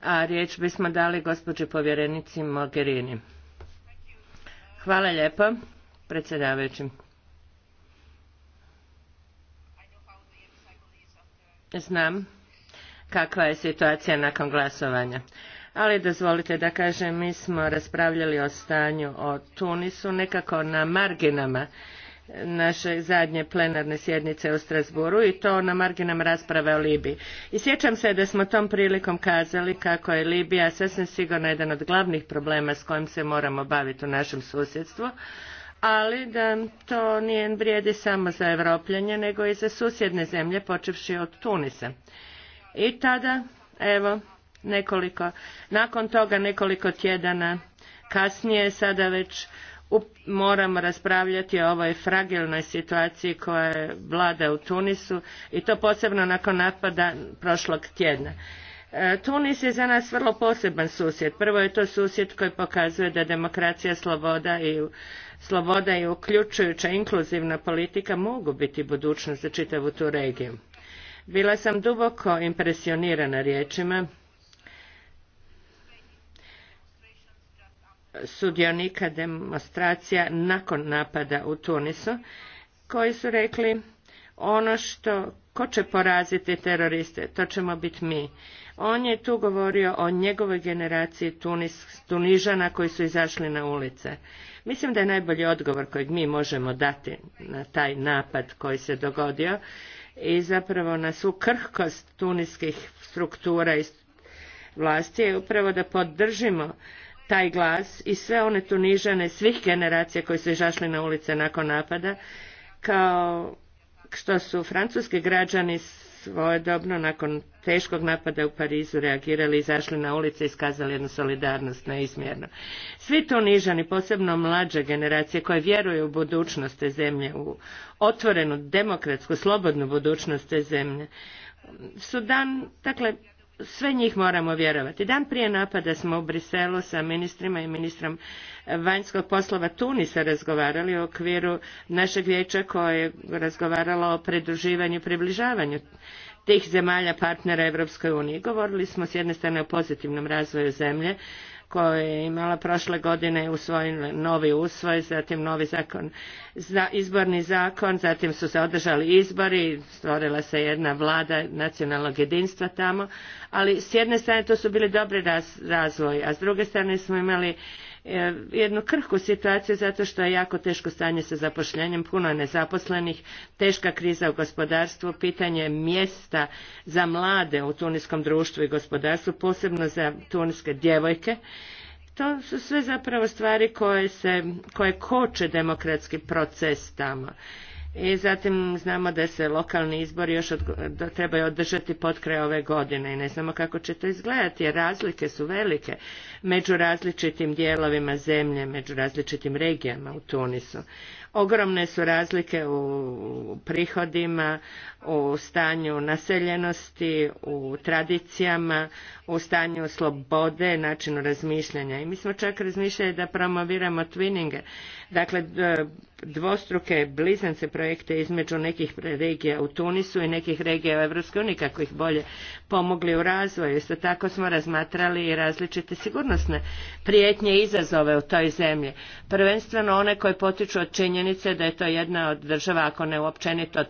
a riječ bismo dali gospođi povjerenici Mogherini. Hvala lijepo, predsjedavajući. Znam kakva je situacija nakon glasovanja. Ali dozvolite da kažem, mi smo raspravljali o stanju o Tunisu nekako na marginama naše zadnje plenarne sjednice u Strasburu i to na marginama rasprave o Libiji. I sjećam se da smo tom prilikom kazali kako je Libija sasvim sigurno jedan od glavnih problema s kojim se moramo baviti u našem susjedstvu, ali da to nije vrijedi samo za Europljanje nego i za susjedne zemlje, počevši od Tunisa. I tada, evo, nekoliko, nakon toga nekoliko tjedana kasnije, sada već moramo raspravljati o ovoj fragilnoj situaciji koja vlada u Tunisu i to posebno nakon napada prošlog tjedna. E, Tunis je za nas vrlo poseban susjed. Prvo je to susjed koji pokazuje da demokracija, sloboda i sloboda i uključujuća inkluzivna politika mogu biti budućnost za čitavu tu regiju. Bila sam duboko impresionirana riječima sudionika demonstracija nakon napada u Tunisu koji su rekli ono što ko će poraziti teroriste, to ćemo biti mi. On je tu govorio o njegovoj generaciji Tunis, Tunižana koji su izašli na ulice. Mislim da je najbolji odgovor kojeg mi možemo dati na taj napad koji se dogodio i zapravo na svu krhkost tuniskih struktura i vlasti je upravo da podržimo taj glas i sve one tunižane svih generacija koji su izašli na ulice nakon napada, kao što su francuski građani svojedobno nakon teškog napada u Parizu reagirali, izašli na ulice i iskazali jednu solidarnost neizmjerno. Svi tunižani, nižani, posebno mlađe generacije koje vjeruju u budućnost te zemlje, u otvorenu, demokratsku, slobodnu budućnost te zemlje, su dan, dakle, sve njih moramo vjerovati. Dan prije napada smo u Briselu sa ministrima i ministrom vanjskog poslova Tunisa razgovarali u okviru našeg vijeća koje je razgovaralo o pridruživanju i približavanju tih zemalja partnera Europskoj uniji. Govorili smo s jedne strane o pozitivnom razvoju zemlje, koju je imala prošle godine svoj novi usvoj, zatim novi zakon za izborni zakon, zatim su se održali izbori, stvorila se jedna vlada nacionalnog jedinstva tamo, ali s jedne strane to su bili dobri razvoj, a s druge strane smo imali E, jednu krhku situaciju zato što je jako teško stanje sa zapošljenjem, puno nezaposlenih, teška kriza u gospodarstvu, pitanje mjesta za mlade u tuniskom društvu i gospodarstvu, posebno za tuniske djevojke. To su sve zapravo stvari koje, se, koje koče demokratski proces tamo. I zatim znamo da se lokalni izbori još da trebaju održati pod kraj ove godine i ne znamo kako će to izgledati jer razlike su velike među različitim dijelovima zemlje, među različitim regijama u Tunisu. Ogromne su razlike u prihodima, u stanju naseljenosti, u tradicijama, u stanju slobode, načinu razmišljanja. I mi smo čak razmišljali da promoviramo twininge, dakle dvostruke blizance projekte između nekih regija u Tunisu i nekih regija u Evropskoj uniji kako ih bolje pomogli u razvoju. Isto tako smo razmatrali i različite sigurnosne prijetnje i izazove u toj zemlji. Prvenstveno one koje potiču od činjenice da je to jedna od država, ako ne uopćenito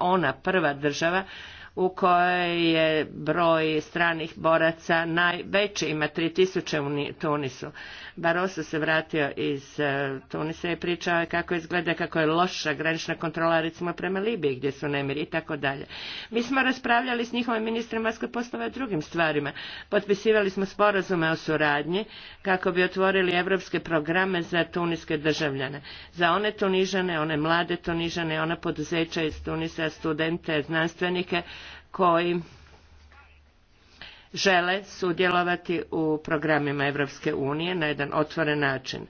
ona prva država u kojoj je broj stranih boraca najveći, ima 3000 u Tunisu. Barroso se vratio iz e, Tunisa i pričao je kako izgleda, kako je loša granična kontrola recimo prema Libiji gdje su nemiri i tako dalje. Mi smo raspravljali s njihovim ministrima vanjskih poslova o drugim stvarima. Potpisivali smo sporazume o suradnji kako bi otvorili evropske programe za tuniske državljane. Za one tunižane, one mlade tunižane, ona poduzeća iz Tunisa, studente, znanstvenike koji žele sudjelovati u programima Europske unije na jedan otvoren način.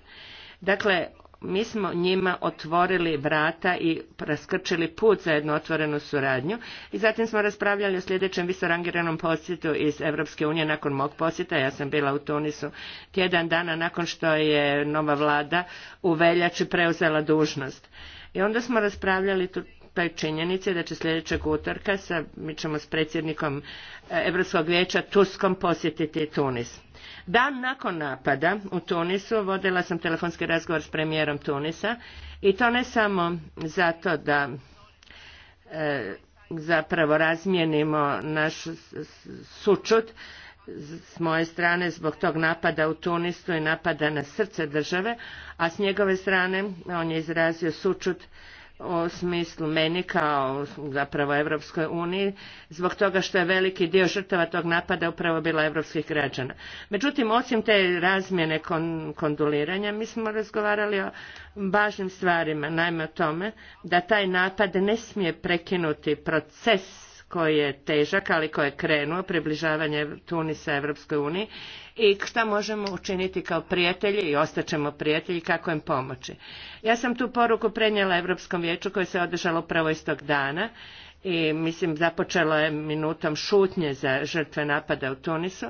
Dakle, mi smo njima otvorili vrata i raskrčili put za jednu otvorenu suradnju i zatim smo raspravljali o sljedećem visorangiranom posjetu iz Europske unije nakon mog posjeta. Ja sam bila u Tunisu tjedan dana nakon što je nova vlada u veljači preuzela dužnost. I onda smo raspravljali tu pa činjenice da će sljedećeg utorka sa, mi ćemo s predsjednikom e, Europskog vijeća Tuskom posjetiti Tunis. Dan nakon napada u Tunisu vodila sam telefonski razgovor s premijerom Tunisa i to ne samo zato da e, zapravo razmijenimo naš sučut s moje strane zbog tog napada u Tunisu i napada na srce države, a s njegove strane on je izrazio sučut u smislu meni kao zapravo Evropskoj uniji zbog toga što je veliki dio žrtava tog napada upravo bila evropskih građana. Međutim, osim te razmjene kon, mi smo razgovarali o važnim stvarima, najme o tome da taj napad ne smije prekinuti proces koji je težak, ali koji je krenuo, približavanje Tunisa Evropskoj uniji i šta možemo učiniti kao prijatelji i ostaćemo prijatelji, kako im pomoći. Ja sam tu poruku prenijela Europskom vijeću koje se održalo upravo istog dana i mislim započelo je minutom šutnje za žrtve napada u Tunisu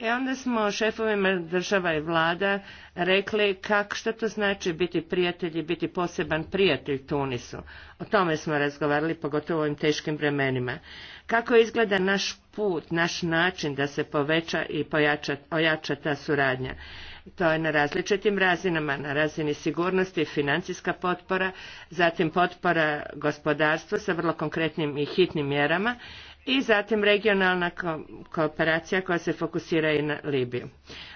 i e onda smo šefovima država i vlada rekli kak, što to znači biti prijatelj i biti poseban prijatelj Tunisu. O tome smo razgovarali, pogotovo u ovim teškim vremenima. Kako izgleda naš put, naš način da se poveća i pojača, ojača ta suradnja? To je na različitim razinama, na razini sigurnosti, financijska potpora, zatim potpora gospodarstvu sa vrlo konkretnim i hitnim mjerama i zatim regionalna kooperacija koja se fokusira i na Libiju.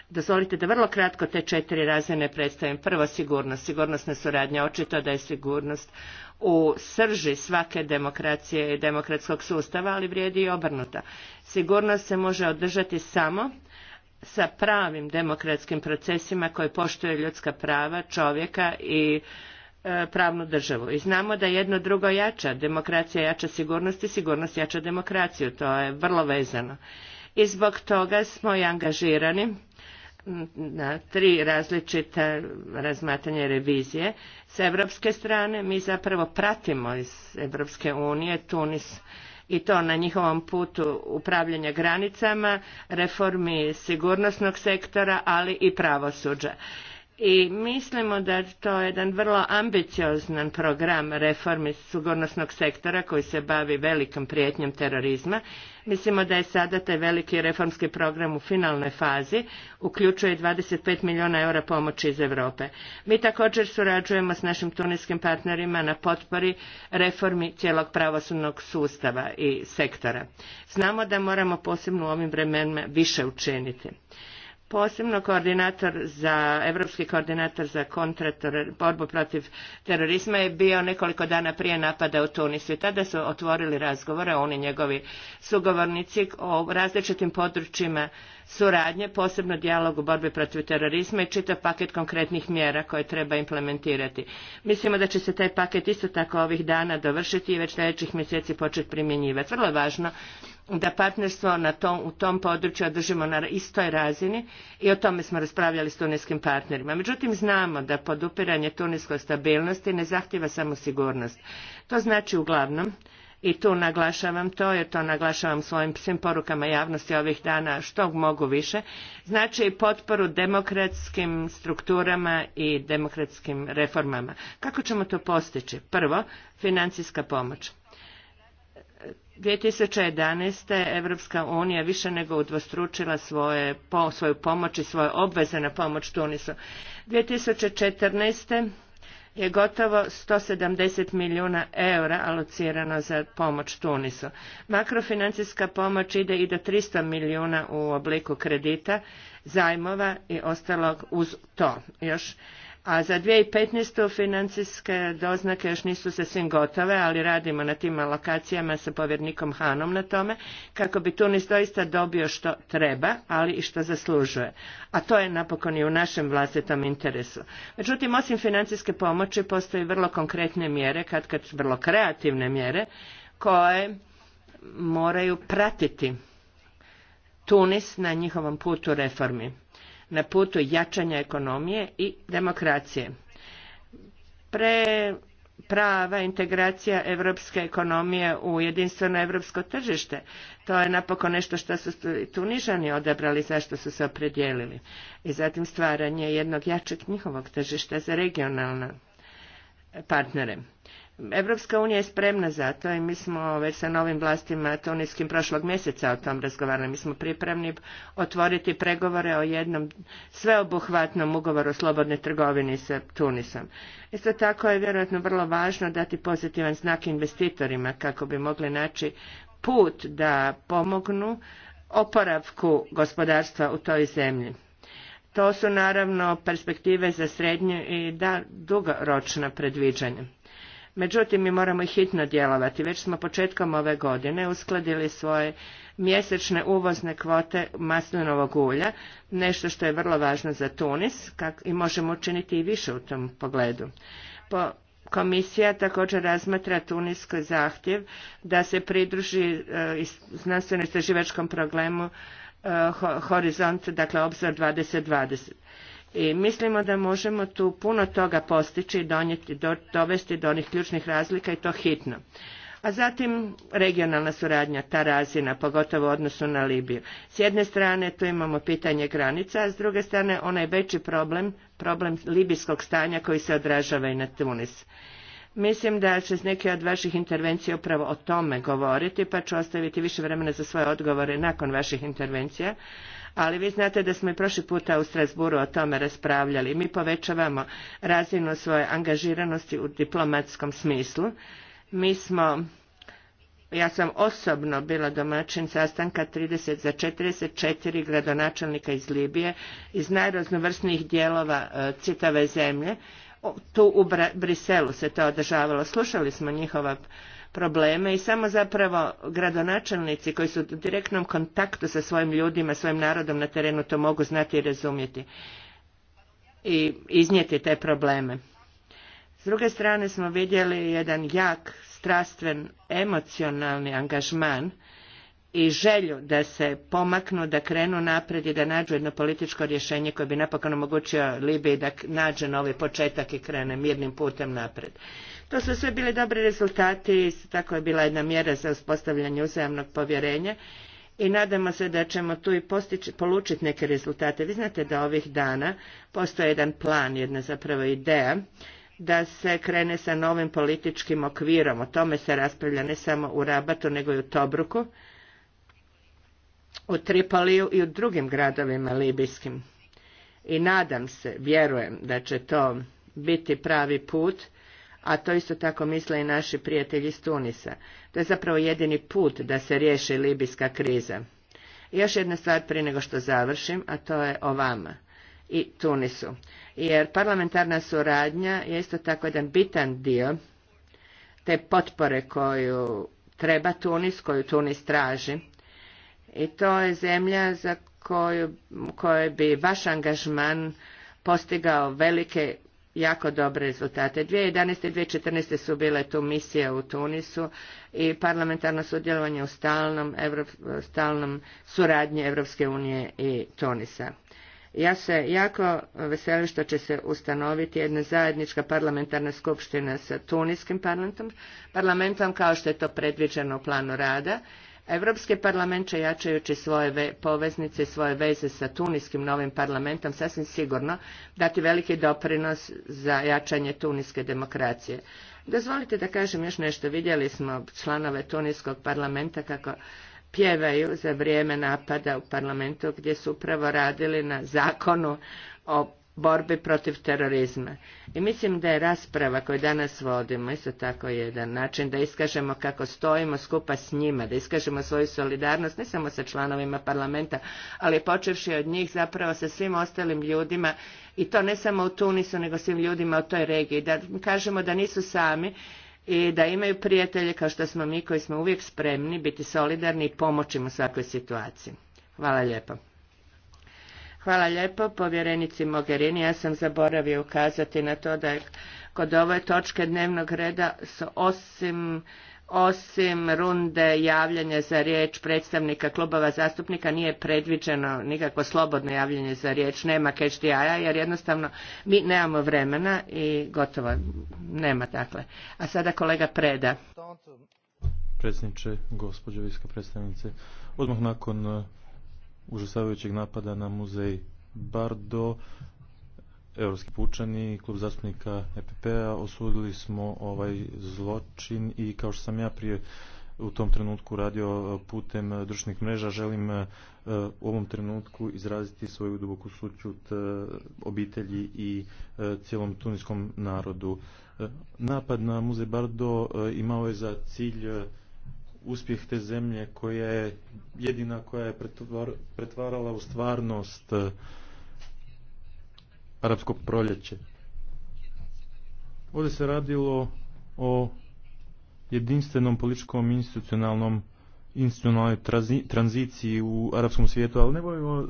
Dozvolite da vrlo kratko te četiri razine predstavim. Prvo sigurnost, sigurnosna suradnja, očito da je sigurnost u srži svake demokracije i demokratskog sustava, ali vrijedi i obrnuta. Sigurnost se može održati samo sa pravim demokratskim procesima koji poštuju ljudska prava čovjeka i E, pravnu državu. I znamo da jedno drugo jača, demokracija jača sigurnost i sigurnost jača demokraciju, to je vrlo vezano. I zbog toga smo i angažirani na tri različite razmatanje revizije. S evropske strane mi zapravo pratimo iz Evropske unije Tunis i to na njihovom putu upravljanja granicama, reformi sigurnosnog sektora, ali i pravosuđa i mislimo da je to jedan vrlo ambiciozan program reformi sigurnosnog sektora koji se bavi velikom prijetnjom terorizma. Mislimo da je sada taj veliki reformski program u finalnoj fazi, uključuje 25 milijuna eura pomoći iz Europe. Mi također surađujemo s našim tunijskim partnerima na potpori reformi cijelog pravosudnog sustava i sektora. Znamo da moramo posebno u ovim vremenima više učiniti posebno koordinator za, evropski koordinator za borbu protiv terorizma je bio nekoliko dana prije napada u Tunisu i tada su otvorili razgovore, oni njegovi sugovornici o različitim područjima suradnje, posebno dijalog u borbi protiv terorizma i čitav paket konkretnih mjera koje treba implementirati. Mislimo da će se taj paket isto tako ovih dana dovršiti i već sljedećih mjeseci početi primjenjivati. Vrlo je važno da partnerstvo na tom, u tom području održimo na istoj razini i o tome smo raspravljali s tuniskim partnerima. Međutim, znamo da podupiranje tuniskoj stabilnosti ne zahtjeva samo sigurnost. To znači uglavnom i tu naglašavam to jer to naglašavam svojim svim porukama javnosti ovih dana što mogu više, znači potporu demokratskim strukturama i demokratskim reformama. Kako ćemo to postići? Prvo, financijska pomoć. 2011. Evropska unija više nego udvostručila svoje, svoju pomoć i svoje obveze na pomoć Tunisu. 2014 je gotovo 170 milijuna eura alocirano za pomoć Tunisu. Makrofinancijska pomoć ide i do 300 milijuna u obliku kredita, zajmova i ostalog uz to. Još a za 2015. financijske doznake još nisu sasvim gotove, ali radimo na tim alokacijama sa povjernikom Hanom na tome, kako bi Tunis doista dobio što treba, ali i što zaslužuje. A to je napokon i u našem vlastitom interesu. Međutim, osim financijske pomoći, postoji vrlo konkretne mjere, kad kad vrlo kreativne mjere, koje moraju pratiti Tunis na njihovom putu reformi na putu jačanja ekonomije i demokracije. Pre prava integracija evropske ekonomije u jedinstveno europsko tržište. To je napokon nešto što su Tunižani odabrali, zašto su se opredijelili. I zatim stvaranje jednog jačeg njihovog tržišta za regionalne partnere. Evropska unija je spremna za to i mi smo već sa novim vlastima tuniskim prošlog mjeseca o tom razgovarali. Mi smo pripremni otvoriti pregovore o jednom sveobuhvatnom ugovoru o slobodnoj trgovini sa Tunisom. Isto tako je vjerojatno vrlo važno dati pozitivan znak investitorima kako bi mogli naći put da pomognu oporavku gospodarstva u toj zemlji. To su naravno perspektive za srednje i da dugoročna predviđanja. Međutim, mi moramo i hitno djelovati. Već smo početkom ove godine uskladili svoje mjesečne uvozne kvote maslinovog ulja, nešto što je vrlo važno za Tunis kak, i možemo učiniti i više u tom pogledu. Po, Komisija također razmatra Tuniskoj zahtjev da se pridruži e, znanstveno istraživačkom problemu e, Horizont, dakle obzor 2020. I mislimo da možemo tu puno toga postići i donijeti, dovesti do onih ključnih razlika i to hitno. A zatim regionalna suradnja, ta razina, pogotovo u odnosu na Libiju. S jedne strane tu imamo pitanje granica, a s druge strane onaj veći problem, problem libijskog stanja koji se odražava i na Tunis. Mislim da će neke od vaših intervencija upravo o tome govoriti, pa ću ostaviti više vremena za svoje odgovore nakon vaših intervencija ali vi znate da smo i prošli puta u Strasburu o tome raspravljali. Mi povećavamo razinu svoje angažiranosti u diplomatskom smislu. Mi smo ja sam osobno bila domaćin sastanka 30 za 44 gradonačelnika iz Libije, iz najraznovrsnijih dijelova citave e, zemlje. tu u Briselu se to održavalo. Slušali smo njihova probleme i samo zapravo gradonačelnici koji su u direktnom kontaktu sa svojim ljudima, svojim narodom na terenu to mogu znati i razumjeti i iznijeti te probleme. S druge strane smo vidjeli jedan jak, strastven, emocionalni angažman i želju da se pomaknu, da krenu naprijed i da nađu jedno političko rješenje koje bi napokon omogućio Libiji da nađe novi početak i krene mirnim putem naprijed. To su sve bili dobri rezultati, isto tako je bila jedna mjera za uspostavljanje uzajamnog povjerenja i nadamo se da ćemo tu i postići, polučiti neke rezultate. Vi znate da ovih dana postoji jedan plan, jedna zapravo ideja da se krene sa novim političkim okvirom. O tome se raspravlja ne samo u Rabatu nego i u Tobruku u Tripoliju i u drugim gradovima libijskim. I nadam se, vjerujem da će to biti pravi put, a to isto tako misle i naši prijatelji iz Tunisa. To je zapravo jedini put da se riješi libijska kriza. I još jedna stvar prije nego što završim, a to je o vama i Tunisu. Jer parlamentarna suradnja je isto tako jedan bitan dio te potpore koju treba Tunis, koju Tunis traži i to je zemlja za koju, bi vaš angažman postigao velike jako dobre rezultate. 2011. i 2014. su bile tu misije u Tunisu i parlamentarno sudjelovanje u stalnom, Evrop, stalnom suradnji Evropske unije i Tunisa. Ja se jako veselim što će se ustanoviti jedna zajednička parlamentarna skupština sa tuniskim parlamentom, parlamentom kao što je to predviđeno u planu rada Europski parlament će jačajući svoje poveznice i svoje veze sa tuniskim novim parlamentom sasvim sigurno dati veliki doprinos za jačanje tuniske demokracije. Dozvolite da kažem još nešto. Vidjeli smo članove tuniskog parlamenta kako pjevaju za vrijeme napada u parlamentu gdje su upravo radili na zakonu o borbi protiv terorizma. I mislim da je rasprava koju danas vodimo isto tako jedan način da iskažemo kako stojimo skupa s njima, da iskažemo svoju solidarnost ne samo sa članovima parlamenta, ali počevši od njih zapravo sa svim ostalim ljudima i to ne samo u Tunisu nego svim ljudima u toj regiji, da kažemo da nisu sami i da imaju prijatelje kao što smo mi koji smo uvijek spremni biti solidarni i pomoći u svakoj situaciji. Hvala lijepo. Hvala lijepo povjerenici Mogherini. Ja sam zaboravio ukazati na to da je kod ove točke dnevnog reda osim runde javljanja za riječ predstavnika klubova zastupnika nije predviđeno nikakvo slobodno javljanje za riječ, nema catch the jer jednostavno mi nemamo vremena i gotovo nema dakle. A sada kolega Preda. Predsjedniče, gospođo viska predstavnice, odmah nakon užasavajućeg napada na muzej Bardo, Europski pučani, klub zastupnika EPP-a, osudili smo ovaj zločin i kao što sam ja prije u tom trenutku radio putem društvenih mreža, želim e, u ovom trenutku izraziti svoju duboku sućut e, obitelji i e, cijelom tunijskom narodu. Napad na muzej Bardo imao je za cilj uspjeh te zemlje koja je jedina koja je pretvarala u stvarnost eh, arapskog proljeće. Ovdje se radilo o jedinstvenom političkom institucionalnom institucionalnoj tranziciji u arapskom svijetu, ali ne bojimo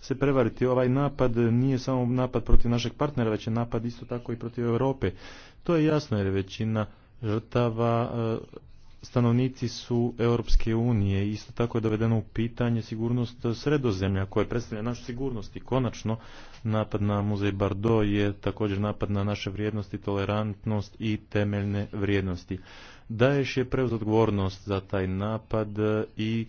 se prevariti. Ovaj napad nije samo napad protiv našeg partnera, već je napad isto tako i protiv Europe. To je jasno jer je većina žrtava eh, stanovnici su Europske unije. Isto tako je dovedeno u pitanje sigurnost sredozemlja koja predstavlja našu sigurnost i konačno napad na muzej Bardo je također napad na naše vrijednosti, tolerantnost i temeljne vrijednosti. Daješ je preuz odgovornost za taj napad i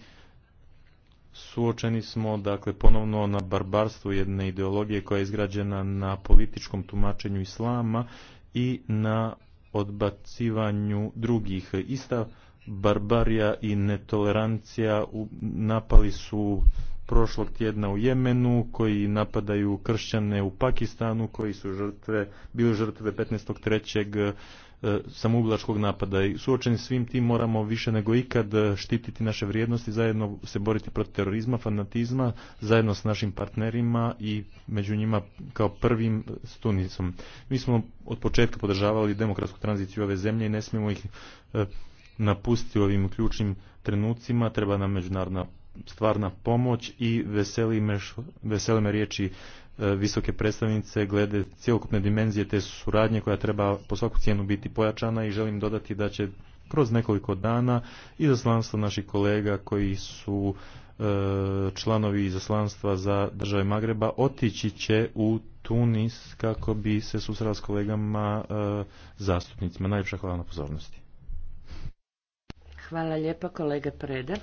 suočeni smo dakle ponovno na barbarstvu jedne ideologije koja je izgrađena na političkom tumačenju islama i na odbacivanju drugih. Ista barbarija i netolerancija napali su prošlog tjedna u Jemenu, koji napadaju kršćane u Pakistanu, koji su žrtve, bili žrtve 15.3. E, samoublačkog napada. I suočeni svim tim moramo više nego ikad štititi naše vrijednosti, zajedno se boriti protiv terorizma, fanatizma, zajedno s našim partnerima i među njima kao prvim stunicom. Mi smo od početka podržavali demokratsku tranziciju ove zemlje i ne smijemo ih e, napustio ovim ključnim trenucima, treba nam međunarodna stvarna pomoć i veseli me, riječi e, visoke predstavnice glede cjelokupne dimenzije te suradnje koja treba po svaku cijenu biti pojačana i želim dodati da će kroz nekoliko dana izaslanstvo naših kolega koji su e, članovi izaslanstva za države Magreba otići će u Tunis kako bi se susrela s kolegama e, zastupnicima. Najljepša hvala na pozornosti. Hvala lijepa kolega Preda.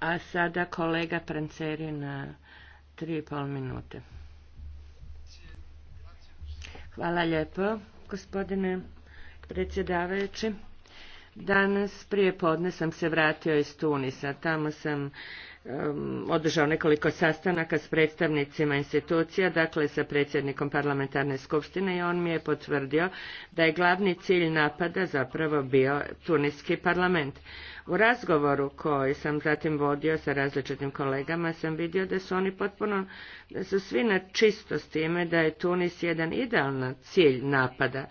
A sada kolega Pranceri na tri i pol minute. Hvala lijepo, gospodine predsjedavajući. Danas prije podne sam se vratio iz Tunisa. Tamo sam održao nekoliko sastanaka s predstavnicima institucija, dakle sa predsjednikom parlamentarne skupštine i on mi je potvrdio da je glavni cilj napada zapravo bio Tunijski parlament. U razgovoru koji sam zatim vodio sa različitim kolegama sam vidio da su oni potpuno, da su svi na čisto s time da je Tunis jedan idealan cilj napada.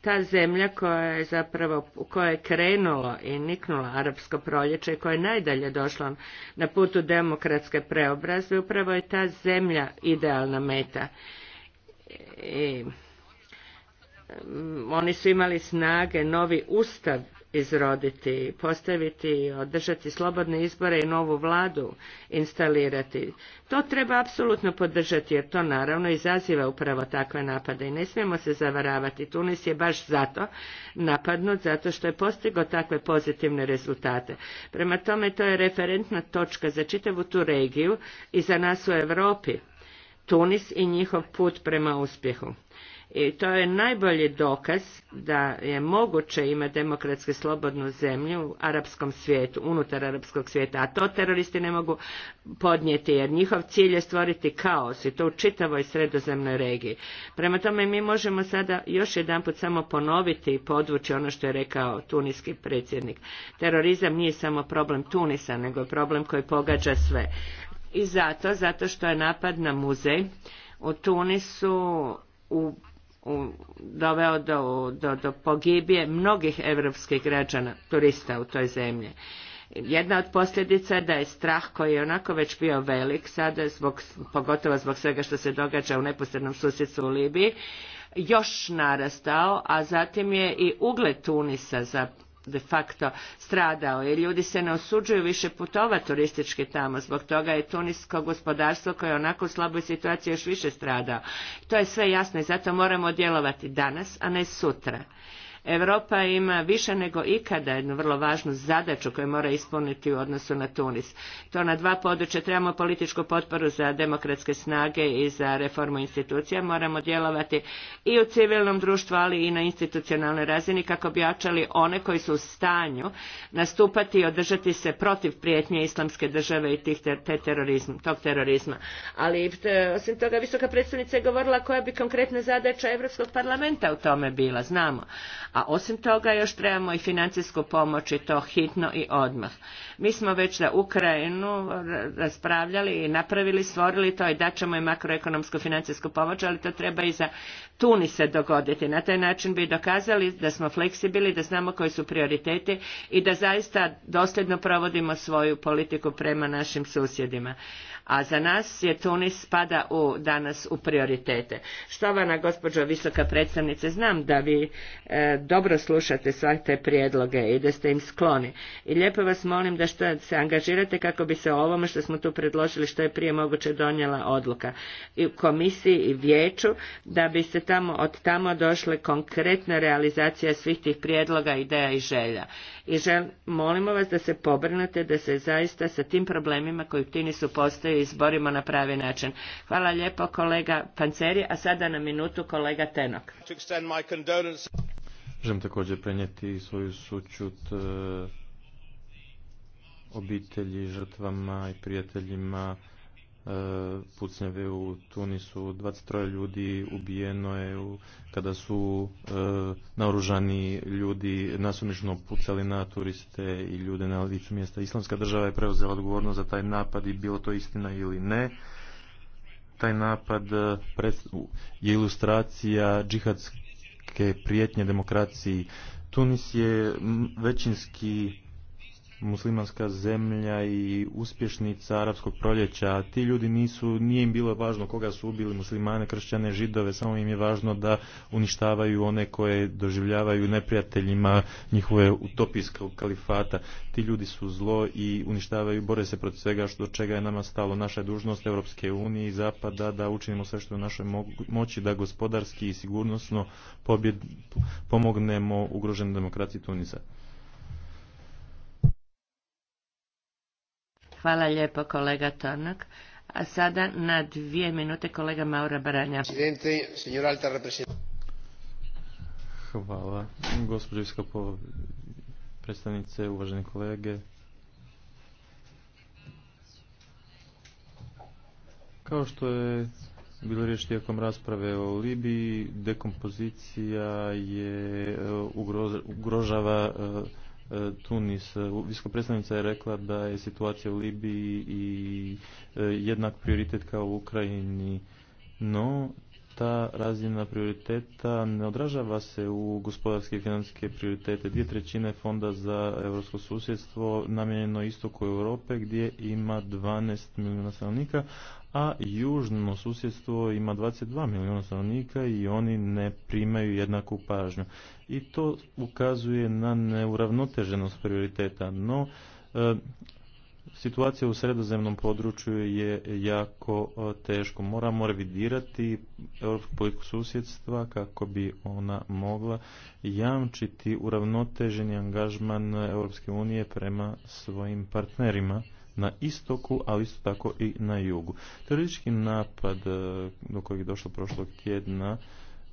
Ta zemlja koja je zapravo, kojoj je krenulo i niknula arapsko proljeće i koja je najdalje došla na putu demokratske preobrazbe, upravo je ta zemlja idealna meta. I, mm, oni su imali snage novi ustav izroditi, postaviti, održati slobodne izbore i novu vladu instalirati. To treba apsolutno podržati jer to naravno izaziva upravo takve napade i ne smijemo se zavaravati. Tunis je baš zato napadnut, zato što je postigao takve pozitivne rezultate. Prema tome to je referentna točka za čitavu tu regiju i za nas u Europi. Tunis i njihov put prema uspjehu. I to je najbolji dokaz da je moguće imati demokratski slobodnu zemlju u arapskom svijetu, unutar arapskog svijeta, a to teroristi ne mogu podnijeti jer njihov cilj je stvoriti kaos i to u čitavoj sredozemnoj regiji. Prema tome mi možemo sada još jedanput samo ponoviti i podvući ono što je rekao tuniski predsjednik. Terorizam nije samo problem Tunisa, nego je problem koji pogađa sve. I zato, zato što je napad na muzej u Tunisu u doveo do, do, do pogibije mnogih europskih građana, turista u toj zemlji. Jedna od posljedica je da je strah koji je onako već bio velik sada, zbog, pogotovo zbog svega što se događa u neposrednom susjedstvu u Libiji, još narastao, a zatim je i ugled Tunisa za de facto stradao jer ljudi se ne osuđuju više putovati turistički tamo. Zbog toga je tunisko gospodarstvo koje je onako u slaboj situaciji još više stradao. To je sve jasno i zato moramo djelovati danas, a ne sutra. Europa ima više nego ikada jednu vrlo važnu zadaću koju mora ispuniti u odnosu na Tunis. To na dva područja trebamo političku potporu za demokratske snage i za reformu institucija. Moramo djelovati i u civilnom društvu, ali i na institucionalnoj razini kako bi jačali one koji su u stanju nastupati i održati se protiv prijetnje islamske države i tih te tog terorizma. Ali e, osim toga visoka predstavnica je govorila koja bi konkretna zadaća Europskog parlamenta u tome bila, znamo. A osim toga još trebamo i financijsku pomoć i to hitno i odmah. Mi smo već za Ukrajinu raspravljali i napravili, stvorili to i ćemo i makroekonomsku financijsku pomoć, ali to treba i za tuni se dogoditi. Na taj način bi dokazali da smo fleksibili, da znamo koji su prioriteti i da zaista dosljedno provodimo svoju politiku prema našim susjedima a za nas je Tunis spada u, danas u prioritete. Štovana gospođo visoka predstavnice, znam da vi e, dobro slušate sva te prijedloge i da ste im skloni. I lijepo vas molim da se angažirate kako bi se o ovome što smo tu predložili što je prije moguće donijela odluka i komisiji i vijeću da bi se tamo od tamo došle konkretna realizacija svih tih prijedloga, ideja i želja. I molimo vas da se pobrinete da se zaista sa tim problemima koji u Tunisu postoje izborimo na pravi način. Hvala lijepo kolega Panceri, a sada na minutu kolega Tenok. Želim također prenijeti svoju sućut e, obitelji, žrtvama i prijateljima E, pucnjeve u Tunisu, 23 ljudi ubijeno je kada su e, naoružani ljudi nasumično pucali na turiste i ljude na licu mjesta. Islamska država je preuzela odgovornost za taj napad i bilo to istina ili ne. Taj napad e, je ilustracija džihadske prijetnje demokraciji. Tunis je većinski muslimanska zemlja i uspješnica arapskog proljeća. Ti ljudi nisu, nije im bilo važno koga su ubili, muslimane, kršćane, židove, samo im je važno da uništavaju one koje doživljavaju neprijateljima njihove utopijskog kalifata. Ti ljudi su zlo i uništavaju, bore se protiv svega što čega je nama stalo. Naša dužnost Europske unije i Zapada da učinimo sve što je u našoj moći da gospodarski i sigurnosno pobjed, pomognemo ugroženoj demokraciji Tunisa. Hvala lijepo kolega Tornak. A sada na dvije minute kolega Maura Baranja. Hvala. Gospođo Iskapo, predstavnice, uvažene kolege. Kao što je bilo riječ tijekom rasprave o Libiji, dekompozicija je e, ugrožava e, E, Tunis. E, visoka predstavnica je rekla da je situacija u Libiji i e, jednak prioritet kao u Ukrajini, no ta razina prioriteta ne odražava se u gospodarske i financijske prioritete. Dvije trećine fonda za europsko susjedstvo namijenjeno istoku Europe gdje ima 12 milijuna stanovnika, a južno susjedstvo ima 22 milijuna stanovnika i oni ne primaju jednaku pažnju. I to ukazuje na neuravnoteženost prioriteta, no e, situacija u sredozemnom području je jako e, teško. Moramo revidirati europsku politiku susjedstva kako bi ona mogla jamčiti uravnoteženi angažman Europske unije prema svojim partnerima na istoku, ali isto tako i na jugu. Teroristički napad e, do kojeg je došlo prošlog tjedna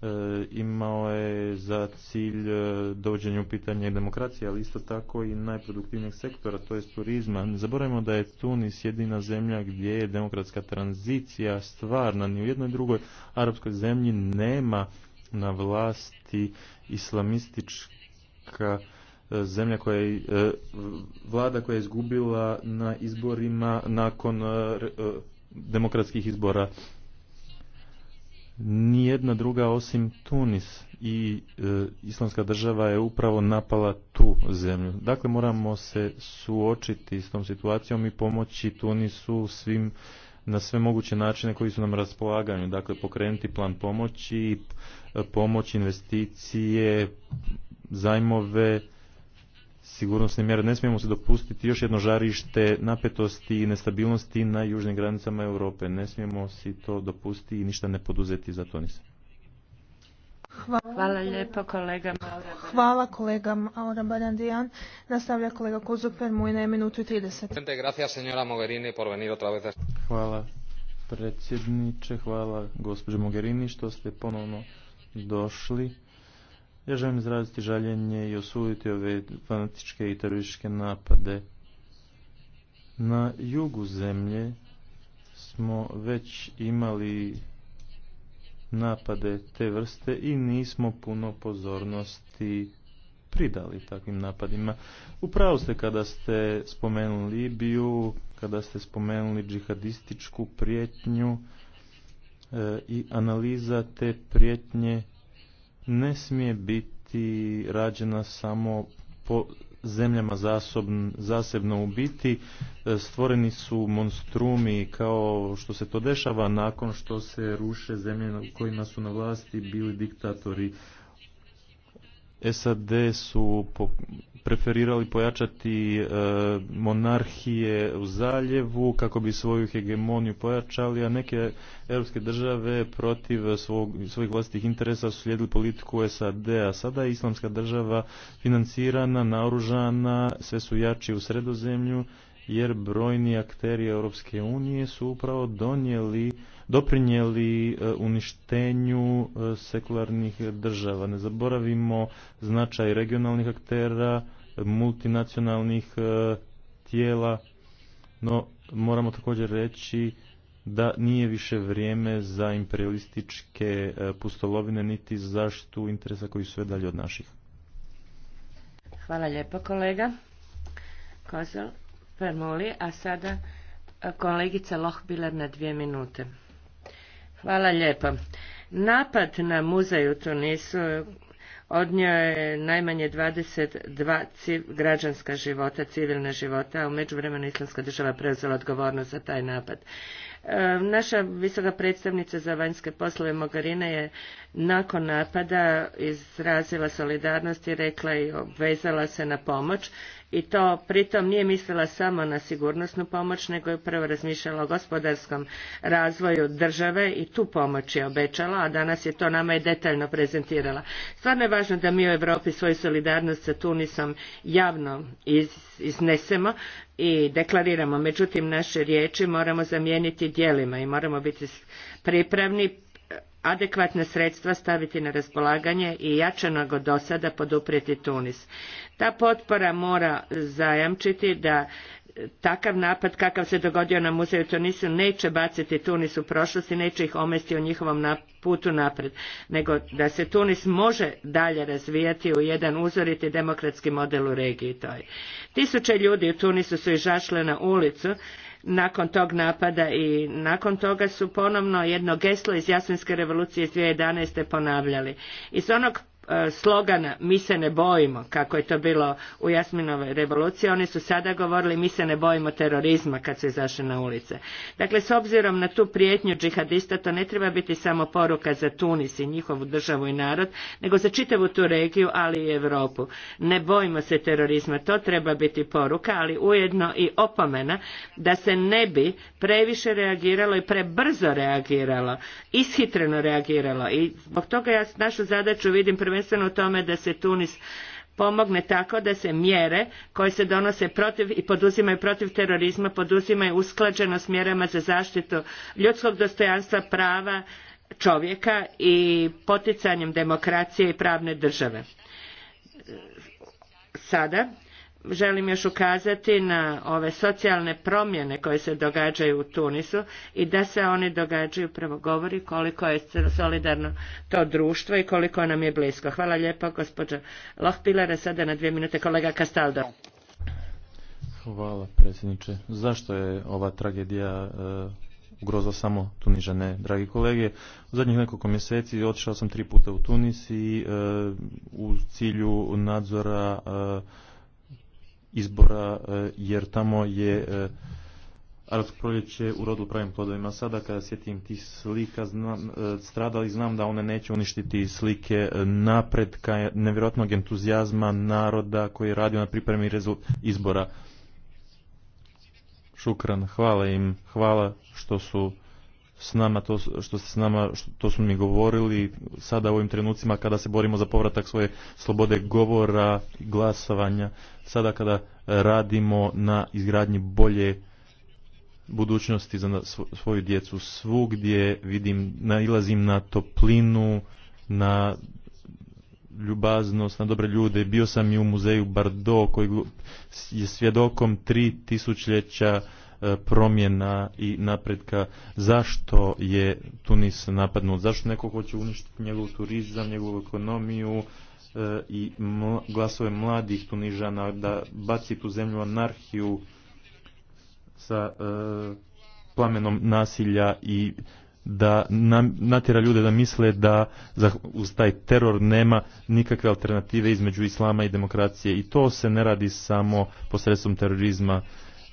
e, imao je za cilj e, dovođenje u pitanje demokracije, ali isto tako i najproduktivnijeg sektora, to je turizma. Ne zaboravimo da je Tunis jedina zemlja gdje je demokratska tranzicija stvarna. Ni u jednoj drugoj arapskoj zemlji nema na vlasti islamistička zemlja koja je, e, vlada koja je izgubila na izborima nakon e, e, demokratskih izbora. Nijedna druga osim Tunis i islamska država je upravo napala tu zemlju. Dakle, moramo se suočiti s tom situacijom i pomoći Tunisu svim na sve moguće načine koji su nam raspolaganju, dakle pokrenuti plan pomoći, pomoć investicije, zajmove, sigurnosne mjere. Ne smijemo se dopustiti još jedno žarište napetosti i nestabilnosti na južnim granicama Europe. Ne smijemo si to dopustiti i ništa ne poduzeti za to nisam. Hvala, Hvala lijepo kolega Maura. Hvala kolega Maura Barandijan. Nastavlja kolega Kozuper, mu na minutu i 30. Gracias, por venir otra vez. Hvala predsjedniče, hvala gospođo Mogherini što ste ponovno došli ja želim izraziti žaljenje i osuditi ove fanatičke i terorističke napade. Na jugu zemlje smo već imali napade te vrste i nismo puno pozornosti pridali takvim napadima. Upravo ste kada ste spomenuli Libiju, kada ste spomenuli džihadističku prijetnju e, i analiza te prijetnje ne smije biti rađena samo po zemljama zasebno u biti e, stvoreni su monstrumi kao što se to dešava nakon što se ruše zemlje kojima su na vlasti bili diktatori SAD su preferirali pojačati e, monarhije u zaljevu kako bi svoju hegemoniju pojačali, a neke europske države protiv svog, svojih vlastitih interesa su slijedili politiku SAD-a. Sada je islamska država financirana, naoružana, sve su jači u sredozemlju jer brojni akteri Europske unije su upravo donijeli doprinijeli e, uništenju e, sekularnih država. Ne zaboravimo značaj regionalnih aktera, multinacionalnih e, tijela, no moramo također reći da nije više vrijeme za imperialističke pustolovine niti zaštitu interesa koji su sve dalje od naših. Hvala lijepo kolega Permuli, a sada kolegica Lohbiler na dvije minute. Hvala lijepo. Napad na muzej u Tunisu odnio je najmanje 22 građanska života, civilna života, a u međuvremenu Islamska država preuzela odgovornost za taj napad. Naša visoka predstavnica za vanjske poslove Mogarina je nakon napada izrazila solidarnost i rekla i obvezala se na pomoć i to pritom nije mislila samo na sigurnosnu pomoć nego je prvo razmišljala o gospodarskom razvoju države i tu pomoć je obećala a danas je to nama i detaljno prezentirala. Stvarno je važno da mi u Europi svoju solidarnost sa Tunisom javno iznesemo i deklariramo. Međutim, naše riječi moramo zamijeniti djelima i moramo biti pripravni adekvatna sredstva staviti na raspolaganje i jače nego do sada poduprijeti Tunis. Ta potpora mora zajamčiti da takav napad kakav se dogodio na muzeju Tunisu neće baciti Tunis u prošlost i neće ih omesti u njihovom putu napred, nego da se Tunis može dalje razvijati u jedan uzoriti demokratski model u regiji toj. Tisuće ljudi u Tunisu su izašle na ulicu nakon tog napada i nakon toga su ponovno jedno geslo iz Jasminske revolucije iz 2011. ponavljali. Iz onog E, slogana mi se ne bojimo kako je to bilo u Jasminovoj revoluciji oni su sada govorili mi se ne bojimo terorizma kad su izašli na ulice dakle s obzirom na tu prijetnju džihadista to ne treba biti samo poruka za Tunis i njihovu državu i narod nego za čitavu tu regiju ali i Europu ne bojimo se terorizma to treba biti poruka ali ujedno i opomena da se ne bi previše reagiralo i prebrzo reagiralo ishitreno reagiralo i zbog toga ja našu zadaću vidim prvenstveno prvenstveno u tome da se Tunis pomogne tako da se mjere koje se donose protiv i poduzimaju protiv terorizma poduzimaju usklađeno s mjerama za zaštitu ljudskog dostojanstva, prava čovjeka i poticanjem demokracije i pravne države. Sada želim još ukazati na ove socijalne promjene koje se događaju u Tunisu i da se oni događaju prvo govori koliko je solidarno to društvo i koliko nam je blisko. Hvala lijepo gospođo Lohpilera. Sada na dvije minute kolega Castaldo. Hvala predsjedniče. Zašto je ova tragedija e, ugrozila samo Ne, dragi kolege? U zadnjih nekoliko mjeseci otišao sam tri puta u Tunis i e, u cilju nadzora e, izbora e, jer tamo je e, Arabsko proljeće urodilo pravim plodovima. Sada kada sjetim ti slika znam, e, stradali, znam da one neće uništiti slike napretka, nevjerojatnog entuzijazma naroda koji je radio na pripremi izbora. Šukran, hvala im, hvala što su s nama to što ste s nama što, to su mi govorili sada u ovim trenucima kada se borimo za povratak svoje slobode govora i glasovanja sada kada radimo na izgradnji bolje budućnosti za svoju djecu svugdje vidim nailazim na toplinu na ljubaznost na dobre ljude bio sam i u muzeju Bardo koji je svjedokom tri tisućljeća E, promjena i napretka zašto je Tunis napadnut, zašto neko hoće uništiti njegov turizam, njegovu ekonomiju e, i glasove mladih Tunižana da baci tu zemlju anarhiju sa e, plamenom nasilja i da natjera ljude da misle da uz taj teror nema nikakve alternative između islama i demokracije i to se ne radi samo posredstvom terorizma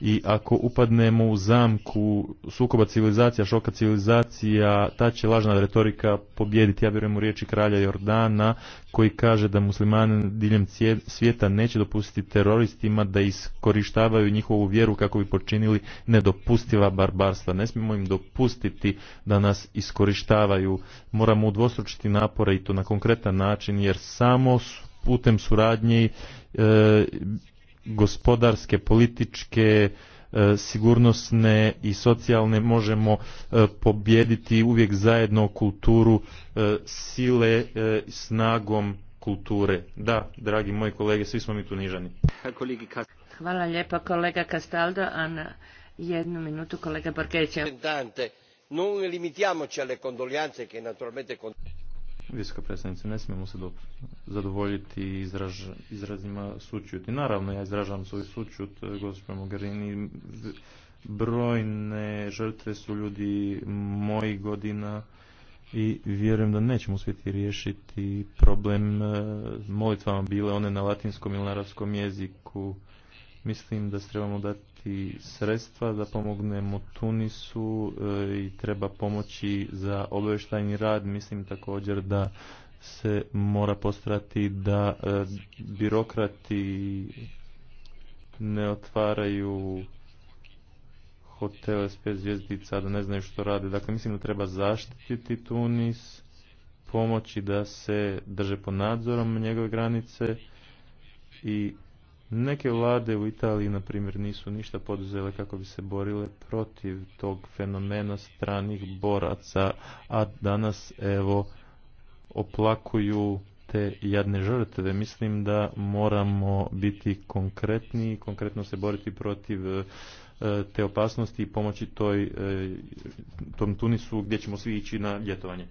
i ako upadnemo u zamku sukoba civilizacija, šoka civilizacija, ta će lažna retorika pobjediti. Ja vjerujem u riječi kralja Jordana koji kaže da muslimani diljem svijeta neće dopustiti teroristima da iskorištavaju njihovu vjeru kako bi počinili nedopustiva barbarstva. Ne smijemo im dopustiti da nas iskorištavaju. Moramo udvostručiti napore i to na konkretan način jer samo putem suradnje e, gospodarske, političke, e, sigurnosne i socijalne možemo e, pobijediti uvijek zajedno kulturu e, sile snagom kulture. Da, dragi moji kolege, svi smo mi tu nižani. Hvala lijepa kolega Castaldo, a na jednu minutu kolega Borgeća. Non limitiamoci alle condoglianze che naturalmente Visoka predstavnica, ne smijemo se zadovoljiti izraž, izrazima I Naravno, ja izražavam svoj sućut, eh, gospođo Mogherini. Brojne žrtve su ljudi mojih godina i vjerujem da nećemo uspjeti riješiti problem eh, molitvama bile one na latinskom ili na jeziku. Mislim da se trebamo dati sredstva da pomognemo Tunisu e, i treba pomoći za obavještajni rad. Mislim također da se mora postrati da e, birokrati ne otvaraju hotele s pet zvijezdica, da ne znaju što rade. Dakle, mislim da treba zaštititi Tunis, pomoći da se drže pod nadzorom njegove granice i Neke vlade u Italiji, na primjer, nisu ništa poduzele kako bi se borile protiv tog fenomena stranih boraca, a danas, evo, oplakuju te jadne žrtve. Mislim da moramo biti konkretni, konkretno se boriti protiv e, te opasnosti i pomoći toj, e, tom Tunisu gdje ćemo svi ići na ljetovanje.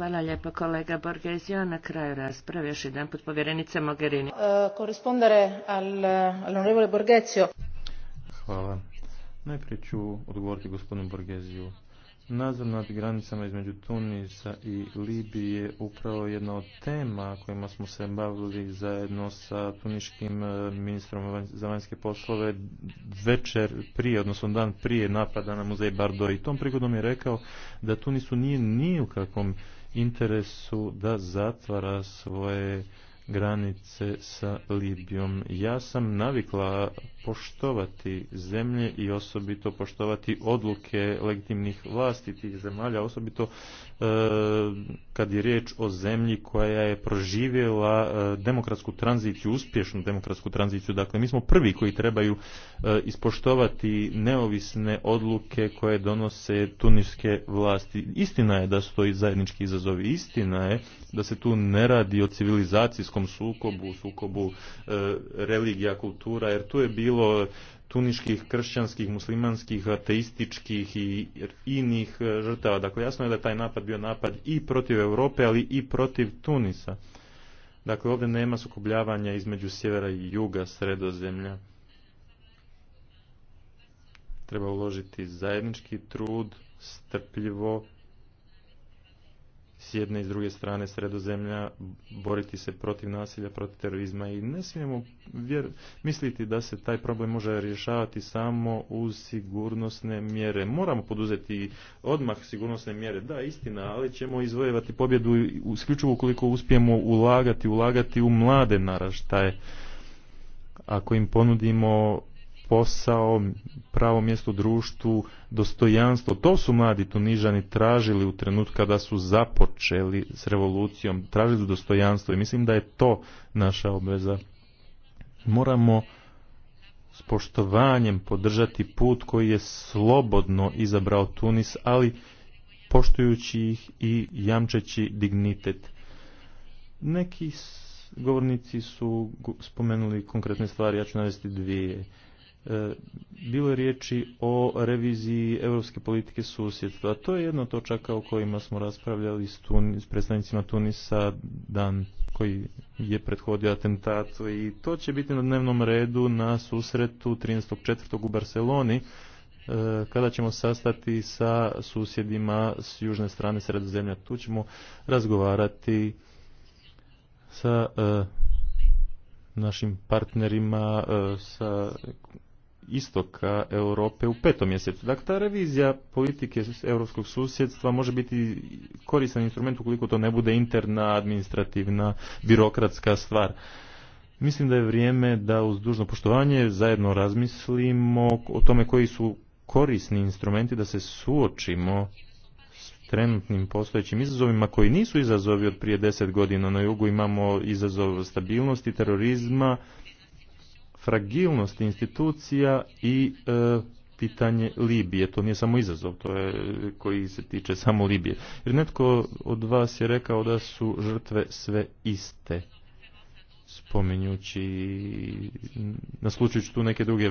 Hvala lijepo kolega Borgesio. Na kraju rasprave još jedan put povjerenica Mogherini. E, Hvala. Najprije ću odgovoriti gospodinu Borgesiju. Nadzor nad granicama između Tunisa i Libije je upravo jedna od tema kojima smo se bavili zajedno sa tuniškim e, ministrom za vanjske poslove večer prije, odnosno dan prije napada na muzej Bardo i tom prigodom je rekao da Tunisu nije ni u kakvom interesu da zatvara svoje granice sa Libijom. Ja sam navikla poštovati zemlje i osobito poštovati odluke legitimnih vlasti tih zemalja, osobito e, kad je riječ o zemlji koja je proživjela e, demokratsku tranziciju, uspješnu demokratsku tranziciju. Dakle, mi smo prvi koji trebaju e, ispoštovati neovisne odluke koje donose tuniske vlasti. Istina je da su to i zajednički izazovi. Istina je da se tu ne radi o civilizacijskom etničkom sukobu, sukobu e, religija, kultura, jer tu je bilo tuniških, kršćanskih, muslimanskih, ateističkih i inih e, žrtava. Dakle, jasno je da je taj napad bio napad i protiv Europe, ali i protiv Tunisa. Dakle, ovdje nema sukobljavanja između sjevera i juga sredozemlja. Treba uložiti zajednički trud, strpljivo, s jedne i s druge strane sredozemlja boriti se protiv nasilja, protiv terorizma i ne smijemo vjer... misliti da se taj problem može rješavati samo uz sigurnosne mjere. Moramo poduzeti odmah sigurnosne mjere, da istina, ali ćemo izvojevati pobjedu isključivo ukoliko uspijemo ulagati, ulagati u mlade naraštaje. Ako im ponudimo posao, pravo mjesto u društvu, dostojanstvo. To su mladi tunižani tražili u trenutku kada su započeli s revolucijom, tražili dostojanstvo i mislim da je to naša obveza. Moramo s poštovanjem podržati put koji je slobodno izabrao Tunis, ali poštujući ih i jamčeći dignitet. Neki govornici su spomenuli konkretne stvari, ja ću navesti dvije E, bilo je riječi o reviziji europske politike susjedstva. To je jedno točaka o kojima smo raspravljali s, s predstavnicima Tunisa dan koji je prethodio atentatu i to će biti na dnevnom redu na susretu 13.4. u Barceloni e, kada ćemo sastati sa susjedima s južne strane sredozemlja. Tu ćemo razgovarati sa e, našim partnerima, sa istoka Europe u petom mjesecu. Dakle, ta revizija politike europskog susjedstva može biti koristan instrument ukoliko to ne bude interna, administrativna, birokratska stvar. Mislim da je vrijeme da uz dužno poštovanje zajedno razmislimo o tome koji su korisni instrumenti da se suočimo s trenutnim postojećim izazovima koji nisu izazovi od prije deset godina. Na jugu imamo izazov stabilnosti, terorizma, fragilnost institucija i e, pitanje Libije. To nije samo izazov, to je koji se tiče samo Libije. Jer netko od vas je rekao da su žrtve sve iste spominjući naslučujući tu neke druge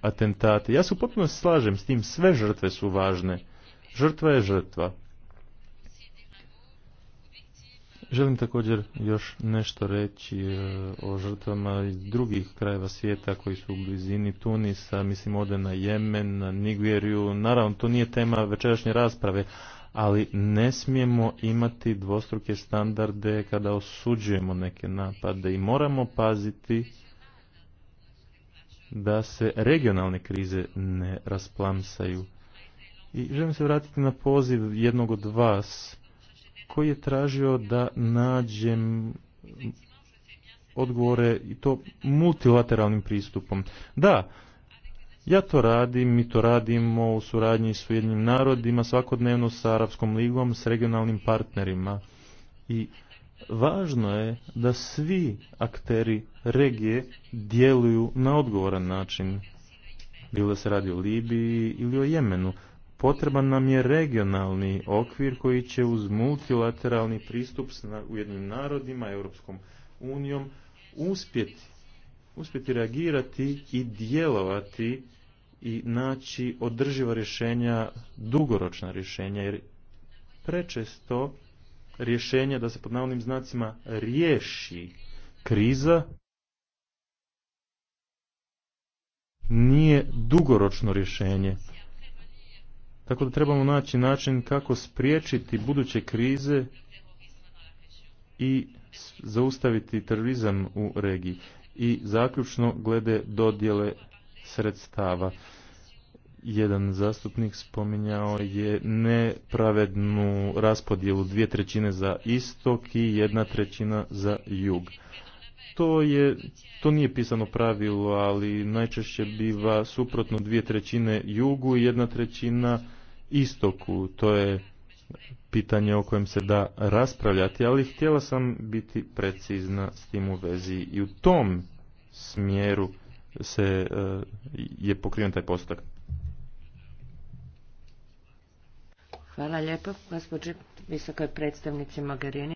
atentate. Ja se potpuno slažem s tim, sve žrtve su važne. Žrtva je žrtva. Želim također još nešto reći e, o žrtvama iz drugih krajeva svijeta koji su u blizini Tunisa, mislim ode na Jemen, na Nigeriju. Naravno, to nije tema večerašnje rasprave, ali ne smijemo imati dvostruke standarde kada osuđujemo neke napade i moramo paziti da se regionalne krize ne rasplamsaju. I želim se vratiti na poziv jednog od vas koji je tražio da nađem odgovore i to multilateralnim pristupom. Da, ja to radim, mi to radimo u suradnji s Ujedinim narodima, svakodnevno sa Arapskom ligom, s regionalnim partnerima. I važno je da svi akteri regije djeluju na odgovoran način. Bilo se radi o Libiji ili o Jemenu potreban nam je regionalni okvir koji će uz multilateralni pristup s Ujednim narodima, Europskom unijom, uspjeti, uspjeti reagirati i djelovati i naći održiva rješenja, dugoročna rješenja, jer prečesto rješenja da se pod navodnim znacima riješi kriza nije dugoročno rješenje. Tako da trebamo naći način kako spriječiti buduće krize i zaustaviti terorizam u regiji. I zaključno glede dodjele sredstava. Jedan zastupnik spominjao je nepravednu raspodjelu dvije trećine za istok i jedna trećina za jug. To, je, to nije pisano pravilo, ali najčešće biva suprotno dvije trećine jugu i jedna trećina istoku. To je pitanje o kojem se da raspravljati, ali htjela sam biti precizna s tim u vezi i u tom smjeru se e, je pokriven taj postak. Hvala lijepo, gospođe visokoj predstavnici